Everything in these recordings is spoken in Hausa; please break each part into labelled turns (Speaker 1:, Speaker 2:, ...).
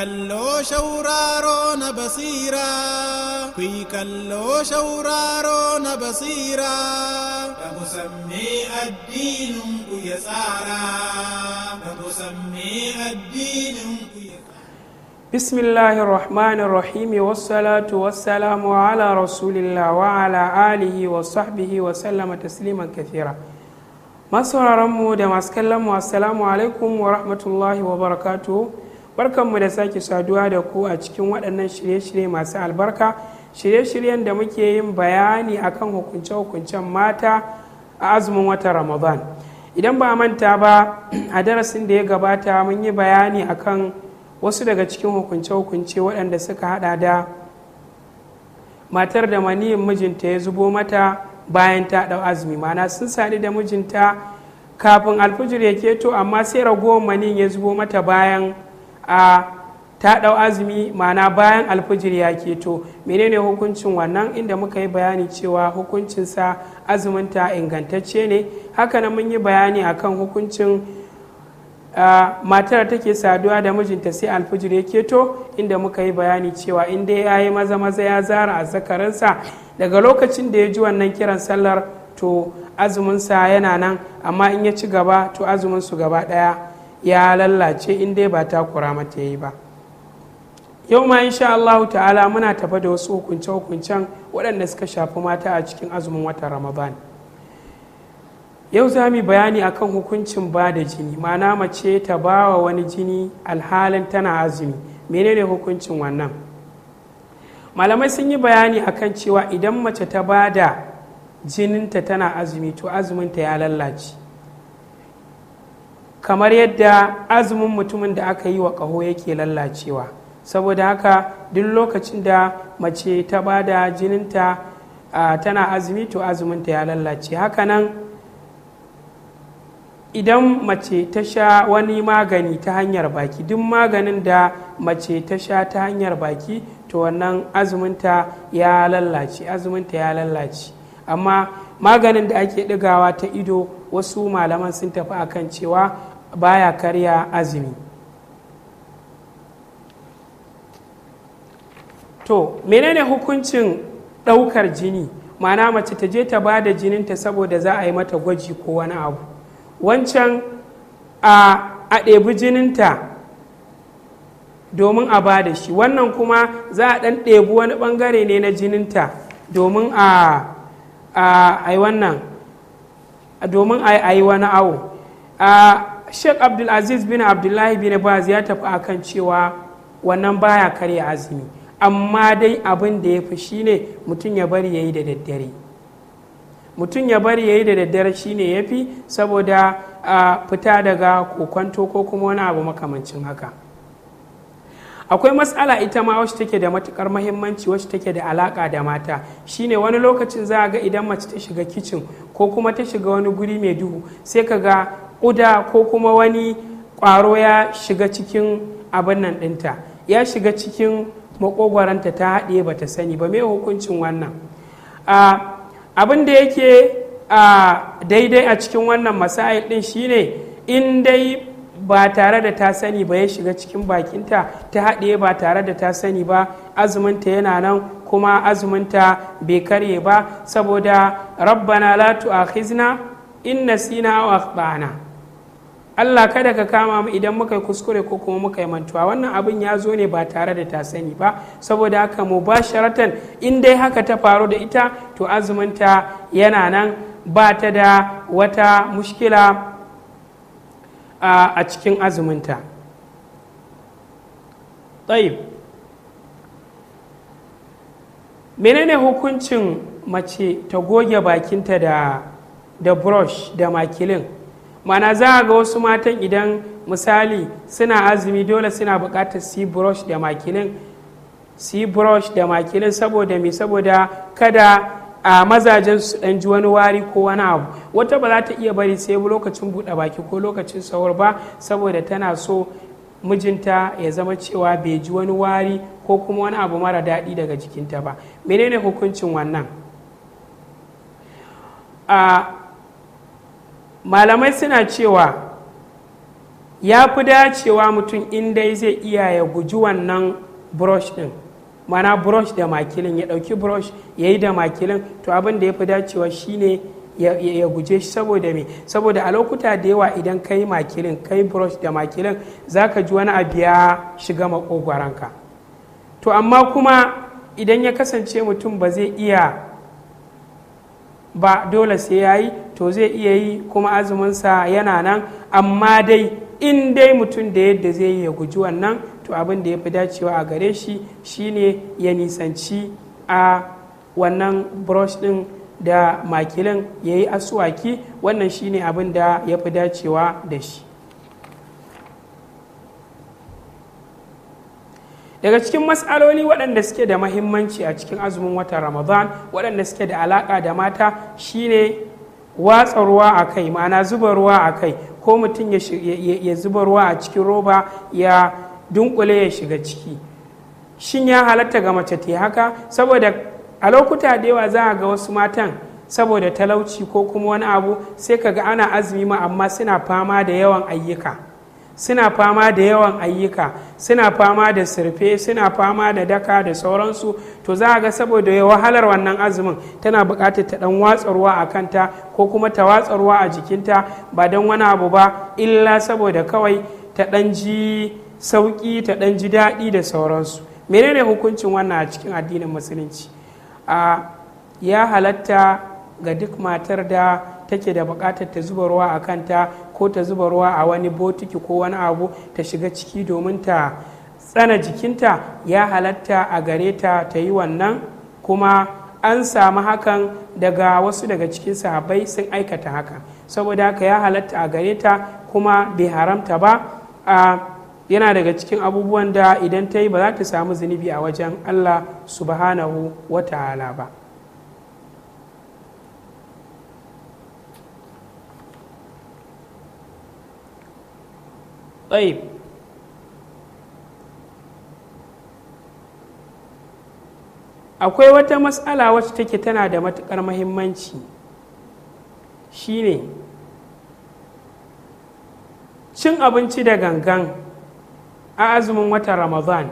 Speaker 1: kalloo shawraaroo na basiiraa kuyi kalloo shawraaroo na basiiraa kamusammee addiinuun guyya tsaaraa kamusammee addiinuun بسم الله الرحمن الرحيم والصلاة والسلام على رسول الله وعلى آله وصحبه وسلم تسليما كثيرا masauraranmu da masu kallonmu assalamu alaikum wa rahmatullahi wa barakatuhu barkanmu da sake saduwa da ku a cikin waɗannan shirye-shirye masu albarka shirye-shiryen da muke yin bayani akan hukunce-hukuncen mata a azumin watan ramadan idan ba manta ba a darasin da ya gabata mun yi bayani akan wasu daga cikin hukunce-hukunce waɗanda suka hada da matar da maniyin mijinta ya zubo mata bayan ta ɗau azumi mana sun sadu da mijinta kafin alfijir ya keto amma sai ragowar maniyin ya zubo mata bayan a ta ɗau azumi mana bayan alfijir ya keto menene hukuncin wannan inda muka yi bayani cewa hukuncinsa azuminta ingantacce ne hakanan mun yi bayani akan hukuncin Uh, matar take saduwa da mijinta sai alfijir ya keto inda muka yi bayani cewa inda ya yi maza maza ya zara a zakarinsa daga lokacin da ya ji wannan kiran sallar to azuminsa yana nan amma in ya ci gaba to azumin su gaba ɗaya ya lallace in dai ba takura mata yi ba yau ma insha Allahu ta'ala muna tafa da wasu hukunce-hukuncen waɗanda suka shafi mata a cikin azumin watan ramadan yau za mu bayani akan hukuncin ba da jini ma'ana mace ta ba wa wani jini alhalin tana azumi menene hukuncin wannan malamai sun yi bayani akan cewa idan mace ta ba da jininta tana azumi to azuminta ya lallace kamar yadda azumin mutumin da aka yi wa ƙaho yake lallacewa saboda haka duk lokacin da mace ta ba da jininta tana azumi to azuminta ya lallace nan idan mace ta sha wani magani ta hanyar baki duk maganin da mace ta sha ta hanyar baki to wannan azuminta ya lallace azuminta ya lallace amma maganin da ake ɗigawa ta ido wasu malaman sun tafi akan cewa baya karya azumi to menene hukuncin ɗaukar jini Mana mace ta je ta ba da jininta saboda za a yi mata gwaji ko wani abu wancan a ɗebi jininta domin a ba da shi wannan kuma za a ɗan ɗebi wani ɓangare ne na jininta domin a a wannan domin a yi wani awo sheikh abdulaziz bin abdullahi bin baz ya tafi akan cewa wannan baya karya azumi amma dai abin da ya fi shine mutum ya bari ya yi da daddare mutum ya bari ya yi da daddare shine ya fi saboda a fita daga kokonto ko kuma wani abu makamancin haka akwai matsala ita ma wacce take da matukar mahimmanci wacce take da alaka da mata shine wani lokacin za a ga idan mace ta shiga kicin ko kuma ta shiga wani guri mai duhu sai ka ga ƙuda ko kuma wani ƙwaro ya shiga cikin abin nan ɗinta ya shiga cikin makogwaranta ta haɗe ba ta sani ba mai hukuncin wannan abin da yake daidai a cikin wannan masa'il ɗin shine in dai ba tare da ta sani ba ya shiga cikin bakinta ta haɗe ba tare da ta sani ba azuminta yana nan kuma azuminta bai karye ba saboda rabbana la tu'akhizna in nasina wa akhtana allah kada ka kama mu idan muka yi kuskure ko kuma muka yi mantuwa wannan abin ya zo ne ba tare da ta sani ba saboda haka mu ba sharatan in dai haka ta faru da ita to azuminta yana nan ba ta da wata mushkila a cikin azuminta menene hukuncin mace ta goge bakinta da brush da makilin mana za a ga wasu matan idan misali suna azumi dole suna bukatar si brush da makilin si brush da makilin saboda me saboda kada a mazajen su dan ji wani wari ko wani abu wata ba za ta iya bari sai lokacin buɗe baki ko lokacin sahur ba saboda tana so mijinta ya zama cewa bai ji wani wari ko kuma wani abu mara daɗi daga jikinta ba menene hukuncin wannan a malamai suna cewa ya fi dacewa mutum in dai zai iya ya guji wannan brush din mana brush da makilin ya dauki brush ya yi da makilin to abin da ya fi dacewa shine ya guje shi saboda me saboda a lokuta da yawa idan ka yi makilin ka yi brush da makilin za ka ji wani abu ya shiga makogwaranka to amma kuma idan ya kasance mutum ba zai iya ba dole sai ya yi to zai iya yi kuma azuminsa yana nan amma dai in dai mutum da yadda zai yi ya guji wannan to abin da ya fi dacewa a gare shi shine ya nisanci a wannan brush din da makilin ya yi asuwaki wannan shine abin da ya fi dacewa da shi daga cikin matsaloli waɗanda suke da mahimmanci a cikin azumin watan ramadan waɗanda suke da alaƙa da mata shine watsa ruwa a kai ma'ana zuba ruwa a kai ko mutum ya zuba ruwa a cikin roba ya dunkule ya shiga ciki shin ya halatta ga mace ta haka saboda a lokuta da yawa za a ga wasu matan saboda talauci ko kuma wani abu sai ka ga ana azumi ma amma suna fama da yawan ayyuka suna fama da yawan ayyuka suna fama da sirfe suna fama da daka da sauransu to za a ga saboda wahalar wannan azumin tana buƙatar ta ɗan watsarwa a kanta ko kuma ta watsarwa a jikinta ba don wani abu ba illa saboda kawai ta ɗan ji sauƙi ta ɗan ji daɗi da sauransu menene hukuncin wannan a cikin addinin musulunci a ya halatta ga duk matar da take da buƙatar ta zuba ruwa a kanta ko ta zuba ruwa a wani botiki ko wani abu ta shiga ciki domin ta tsana jikinta ya halatta a gare ta ta yi wannan kuma an samu hakan daga wasu daga cikin sahabbai sun aikata haka saboda haka ya halatta a gare ta kuma bai haramta ba a yana daga cikin abubuwan da idan ta yi ba za ta samu zunubi a wajen allah subhanahu wa ta'ala ba طيب akwai wata matsala wacce take tana da matuƙar mahimmanci shine cin abinci da gangan a azumin wata ramadan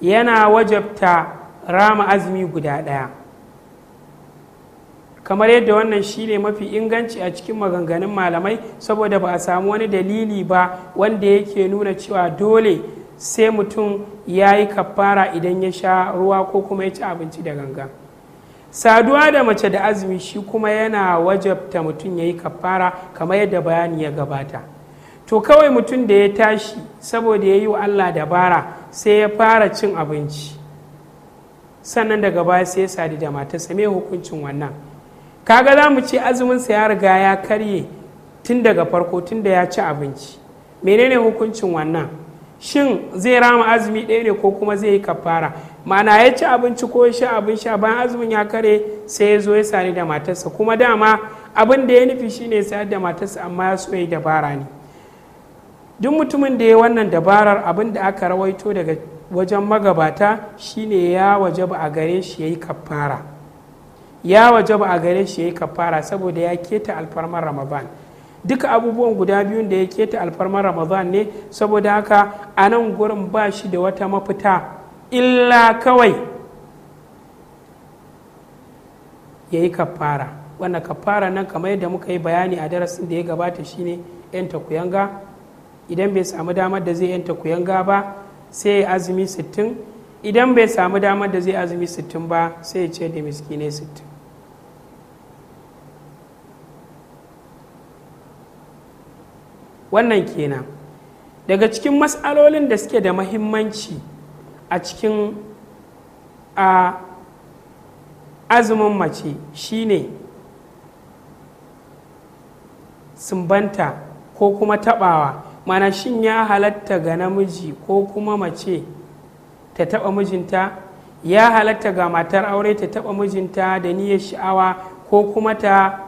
Speaker 1: yana wajabta rama azumi guda ɗaya kamar yadda wannan shi ne mafi inganci a cikin maganganun malamai saboda ba a samu wani dalili ba wanda yake nuna cewa dole sai mutum ya yi kafara idan ya sha ruwa ko kuma ya ci abinci da ganga saduwa da mace da azumi shi kuma yana wajabta mutum ya yi kafara kamar yadda bayani ya gabata to kawai mutum da ya tashi saboda ya yi wa allah dabara sai ya fara cin abinci sannan daga baya sai ya sadu da matarsa same hukuncin wannan kaga za mu ce azuminsa ya riga ya karye tun daga farko tun da ya ci abinci menene hukuncin wannan shin zai rama azumi ɗaya ne ko kuma zai yi kafara ma'ana ya ci abinci ko ya sha abin sha bayan azumin ya kare sai ya zo ya sani da matarsa kuma dama abin da ya nufi shine sayar da matarsa amma ya so ya yi dabara ne duk mutumin da ya wannan dabarar abin da aka rawaito daga wajen magabata shine ya waje ba a gare shi ya yi kafara ya waje ba a gare shi ya yi kafara saboda ya keta alfarmar ramadan duka abubuwan guda biyun da ya keta alfarmar ramadan ne saboda haka a nan gurin ba shi da wata mafita illa kawai ya yi kafara wannan kafara nan kamar yadda muka yi bayani a darasin da ya gabata shine 'yan idan bai samu damar da zai 'yan takuyanga ba sai ya azumi sittin idan bai samu damar da zai azumi sittin ba sai ya ce da miskinai wannan kenan daga cikin matsalolin da suke da mahimmanci a cikin a azumin mace shine sumbanta ko kuma tabawa mana shin ya halatta ga namiji ko kuma mace ta taba mijinta ya halatta ga matar aure ta taba mijinta da niyyar sha'awa ko kuma ta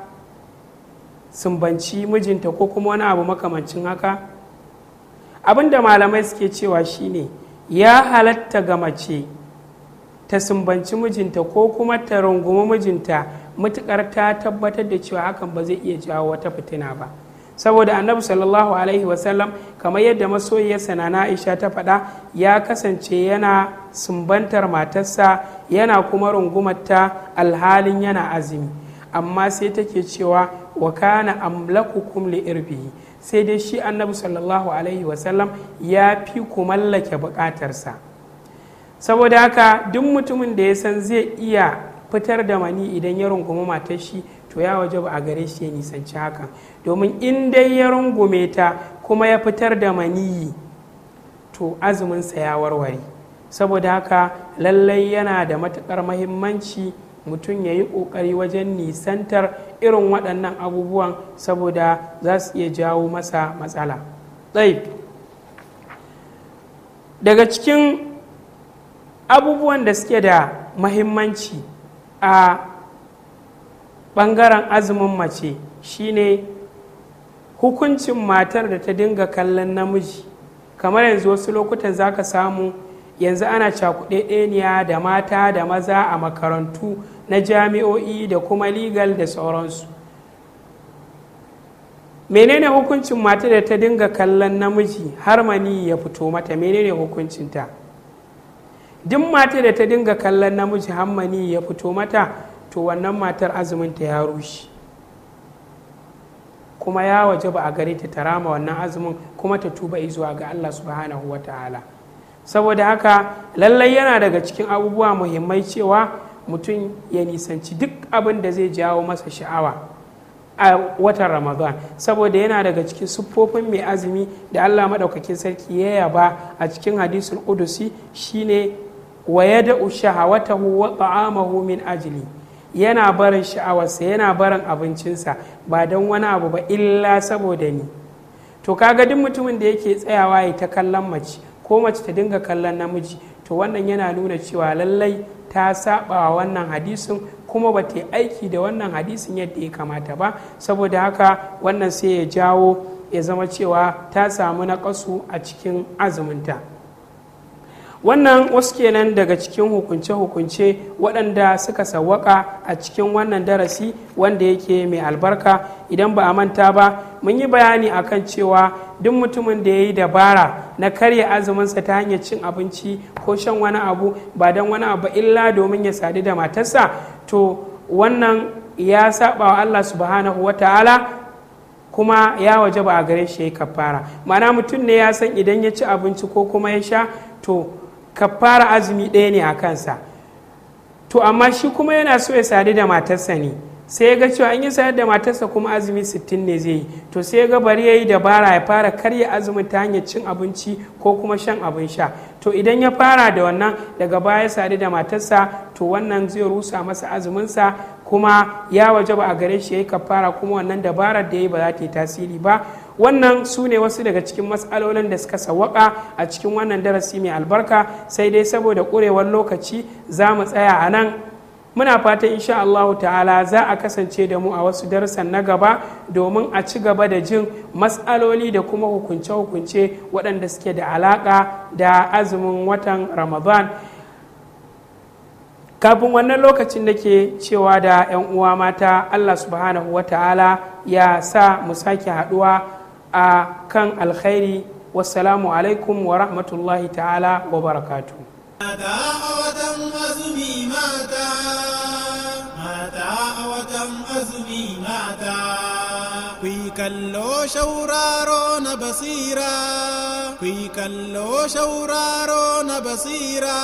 Speaker 1: sumbanci mijinta ko kuma wani abu makamancin haka abinda malamai suke cewa shine ya halatta ga mace ta sumbanci mijinta ko kuma ta rungumi mijinta mutukar ta tabbatar da cewa hakan ba zai iya jawo wata fitina ba saboda annabi sallallahu alaihi wasallam kamar yadda masoyiyarsa na aisha ta faɗa ya kasance yana sumbantar matarsa yana kuma rungumarta alhalin yana azumi amma sai take cewa wa kana amlakukum li irbihi sai dai shi annabi sallallahu alaihi wasallam ya fi ku mallake bukatarsa saboda haka duk mutumin da ya san zai iya fitar da mani idan ya rungumi matar shi to ya waje ba a gare shi ya nisanci haka domin in dai ya rungume ta kuma ya fitar da mani to azuminsa ya warware saboda haka lallai yana da matuƙar muhimmanci. mutum ya yi ƙoƙari wajen nisantar irin waɗannan abubuwan saboda za su iya jawo masa matsala daga cikin abubuwan da suke da mahimmanci a ɓangaren azumin mace shine hukuncin matar da ta dinga kallon namiji kamar yanzu wasu lokutan za ka samu yanzu ana cakuɗeɗeniya da mata da maza a makarantu na jami'o'i da kuma legal da sauransu menene hukuncin mata da ta dinga kallon namiji har mani ya fito mata menene hukuncinta duk mata da ta dinga kallon namiji har mani ya fito mata to wannan matar azuminta ya rushe kuma ya waje ba a gare ta ta rama wannan azumin kuma ta tuba izuwa ga allah subhanahu wa ta'ala saboda haka lallai yana daga cikin abubuwa muhimmai cewa mutum ya nisanci duk abin da zai jawo masa sha'awa a watan ramadan saboda yana daga cikin siffofin mai azumi da allah maɗaukakin sarki ya yaba a cikin hadisul udusi shine wa yada'u shahawatahu wa ta'amahu min ajli yana barin sha'awarsa yana barin abincinsa ba don wani abu ba illa saboda ni to kaga duk mutumin da yake tsayawa ya ta kallon mace ko mace ta dinga kallon namiji to wannan yana nuna cewa lallai ta saba wannan hadisin kuma ba ta aiki da wannan hadisin yadda ya kamata ba saboda haka wannan sai ya jawo ya zama cewa ta samu naƙasu a cikin azuminta. wannan wasu kenan daga cikin hukunce-hukunce waɗanda suka sawwaka a cikin wannan darasi wanda yake mai albarka idan ba a manta ba mun yi bayani akan cewa duk mutumin da ya yi dabara na karya azuminsa ta hanyar cin abinci ko shan wani abu ba don wani abu illa domin ya sadu da matarsa to wannan ya saba wa allah subhanahu wa ta'ala kuma ya waje ba a gare shi ya kafara ma'ana mutum ne ya san idan ya ci abinci ko kuma ya sha to Ka fara azumi ɗaya ne a kansa to amma shi kuma yana so ya sadu da matarsa ne sai ya ga cewa an yi sadu da matarsa kuma azumi sittin ne zai yi to sai ya ga bari ya yi dabara ya fara karya azumin ta hanyar cin abinci ko kuma shan abin sha to idan ya fara da wannan daga baya sadu da matarsa to wannan zai rusa masa azuminsa kuma ya waje ba a gare shi ya yi kafara kuma wannan dabarar da ya yi ba za ta yi tasiri ba wannan su ne wasu daga cikin matsalolin da suka sawaka a cikin wannan darasi mai albarka sai dai saboda ƙurewar lokaci za mu tsaya a nan muna fatan insha Allahu ta'ala za a kasance da mu a wasu darsan na gaba domin a ci gaba da jin matsaloli da kuma hukunce-hukunce waɗanda suke da alaƙa da azumin watan ramadan kafin wannan lokacin da ke cewa da 'yan uwa mata allah subhanahu wa ta'ala ya sa mu sake haɗuwa a kan alkhairi wassalamu alaikum wa rahmatullahi ta'ala wa barakatu kallo shauraro na basira, kui kallo shauraro na basira,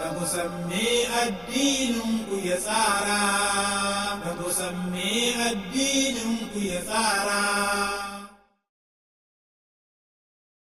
Speaker 1: da musammi addinin ku ya tsara, da musammi addinin ku ya tsara.